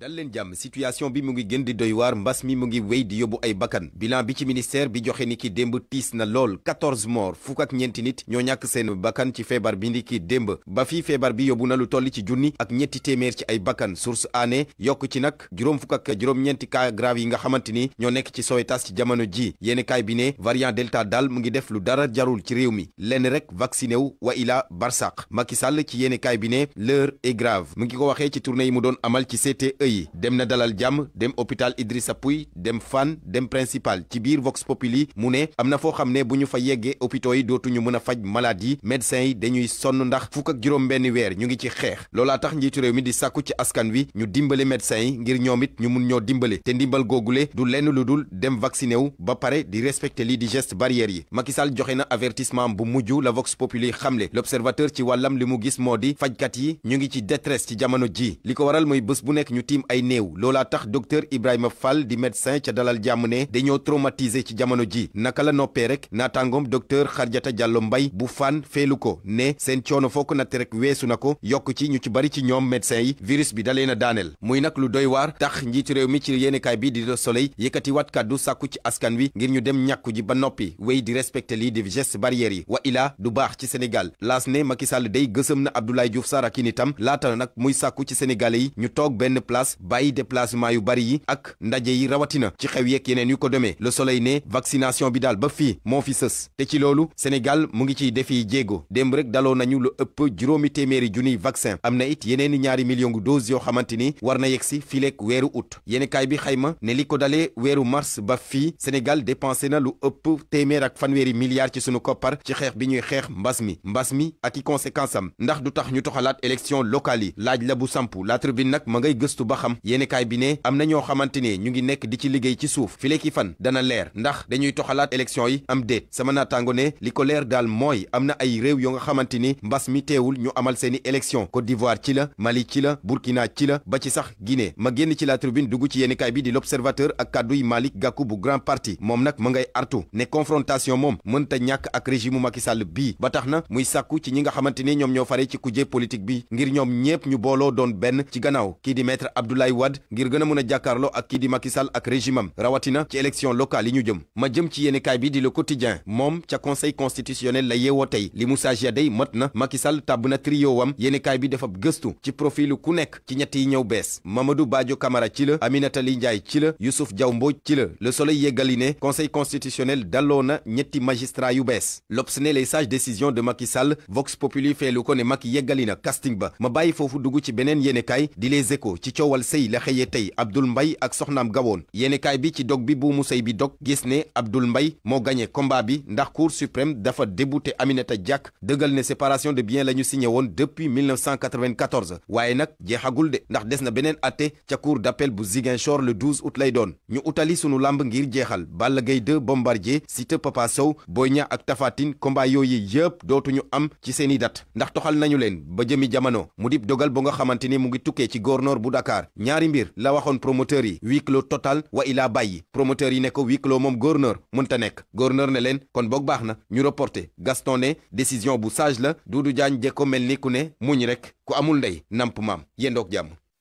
dal leen jàmm situation bi mu ngi gën di doy waar mbas mi mu ngi wéy yóbbu ay bakkan bilan bi ci ministère bi joxe ni ki démb tiis na lool 14 morts fukk ak ñeenti nit ñoo ñàkk seen bakkan ci feebar bi ni ki démb ba fi feebar bi yóbbu na lu toll ci junni ak ñetti téeméer ci ay bakkan source aanée yokk ci nag juróom fukk ak juróom-ñeenti ka grave yi nga xamante ni ñoo nekk ci Sowétas ci jamono ji yéeni kaay bi ne variant delta daal mu ngi def lu dara jarul ci réew mi lenn rek vacciné wu wa ila barsaq Macky Sall ci yéeni kaay bi ne l'heure mu ngi ko waxee ci tournée yi mu doon amal ci CTE yi dem na dalal jàmm dem hôpital Idrissa dem Fann dem principal ci biir Vox yi mu ne am na foo xam ne bu ñu fa yeggee hôpitaux yi dootuñu mën a faj malade yi médecins yi dañuy sonn ndax fukk ak juróom benn weer ñu ngi ci xeex loolaa tax njiitu réew mi di sàkku ci askan wi ñu dimbale médecins yi ngir ñoom it ñu mun ñoo dimbale te ndimbal googule du lenn lu dul dem vacciné wu ba pare di respecté lii di gest barrière yi Macky Sall joxe na avertissement bu mujj la Vox Populi xamle l'observateur ci wàllam li mu gis moo di fajkat yi ñu ngi ci détresse ji tiim ay néew loolaa tax docteur Ibrahima Fall di médecin ca dalal jàmm ne dañoo traumatisé ci jamono ji naka la noppee rek nataangoom docteur Xarjata Diallo Mbay bu fan feelu ko ne seen coono fokk ko natt rek weesu na ko yokk ci ñu ci bari ci ñoom médecin yi virus bi dalee na daaneel muy nag lu doy waar tax njiitu réew mi ci yéenekaay bi di Le Soleil yëkkati wat kàddu sàkku ci askan wi ngir ñu dem ñàkku ji ba noppi wéy di respecté lii di geste barrières yi wa ilaa du baax ci Sénégal laas ne Macky Sall day gësëm na Abdoulaye Diouf Sarr ak i nitam laata nag muy sàkku ci Sénégalais place bàyyi déplacement yu bari yi ak ndaje yi rawatina ci xew yeeg yeneen yu ko demee le soleil ne vaccination bi daal ba fii moo fi sës te ci loolu Sénégal mu ngi ciy defi jéego démb rek daloo nañu lu ëpp juróomi téeméeri junniy vaccin am na it yeneen ñaari million dose yoo xamante ni war na yegg si fileek weeru août yenekaay bi xayma ne li ko dalee weeru mars ba fii senegal dépensé na lu ëpp téeméer ak fanweeri milliards ci sunu koppar ci xeex bi ñuy xeex mbas mi mbas mi ak i conséquence am ndax du tax ñu toxalaat locale yi xam yéenekaay bi ne am na ñoo xamante ne ñu ngi nekk di ci liggéey ci suuf fileeki fan dana leer ndax dañuy toxalaat élection yi am déet sama naataango ne li ko leer daal mooy am na ay réew yoo nga xamante ni mbas mi teewul ñu amal seeni élection Côte d'Ivoire ci la Mali ci la Burkina ci la ba ci sax Guinée ma génn ci la tribune dugg ci yéenekaay bi di l'observateur ak kàdduy Malick Gakou bu Grand Parti moom nag ma ngay artu ne confrontation moom mënta ñàkk ak régime Macky Sall bii ba tax na muy sàkku ci ñi nga xamante ni ñoom ñoo fare ci kujje politique bi ngir ñoom ñépp ñu booloo benn ci gannaaw Abdoulaye Wade ngir gën a mën a jàkkaarloo ak kii di Macky Sall ak régime am rawatina ci élection locale yi ñu jëm ma jëm ci yéenekaay bi di Le Quotidien moom ca conseil constitutionnel la yeewoo tey li Moussa Diaday mat na Macky Sall tàbb na trio am yéenekaay bi dafa gëstu ci profilu ku nekk ci ñett yi ñëw bees Mamadou Badio Camara ci la Aminata Ly Ndiaye ci la Youssouf jaw Mbodj ci la Le Soleil yeggali ne conseil constitutionnel dalloo na ñetti magistrat yu bees L'Obs ne les sages décisions de Macky Sall Vox Populi feelu ko ne Macky na casting ba ma bàyyi foofu dugg ci beneen taxawal sëy la xëyee tey Abdoul Mbaye ak soxnaam gawoon yéenekaay bi ci dog bi bu mu sëy bi dog gis ne Abdoul Mbaye moo gagné combat bi ndax Cour suprême dafa débouté Aminata Diack dëggal ne séparation de biens la ñu signé woon depuis 1994 waaye nag jeexagul de ndax des na beneen atte ca cour d'appel bu Ziguinchor le 12 août lay doon ñu utali sunu lamb ngir jeexal Balla Gaye 2 Bombardier Siteu Papa Sow Boy ña ak Tapha Tine combat yooyu yëpp dootuñu am ci seeni dat ndax toxal nañu leen ba jëmi ñaari mbir la waxoon promoteur yi huis clos total wa ilaa bàyyi promoteur yi ne ko huis moom gouverneur mënta nekk gouverneur ne leen kon boog baax na ñu reporté Gaston ne décision bu sage la Doudou Diagne jekko mel ni ku ne muñ rek ku amul ndey namp maam yendoog jàmm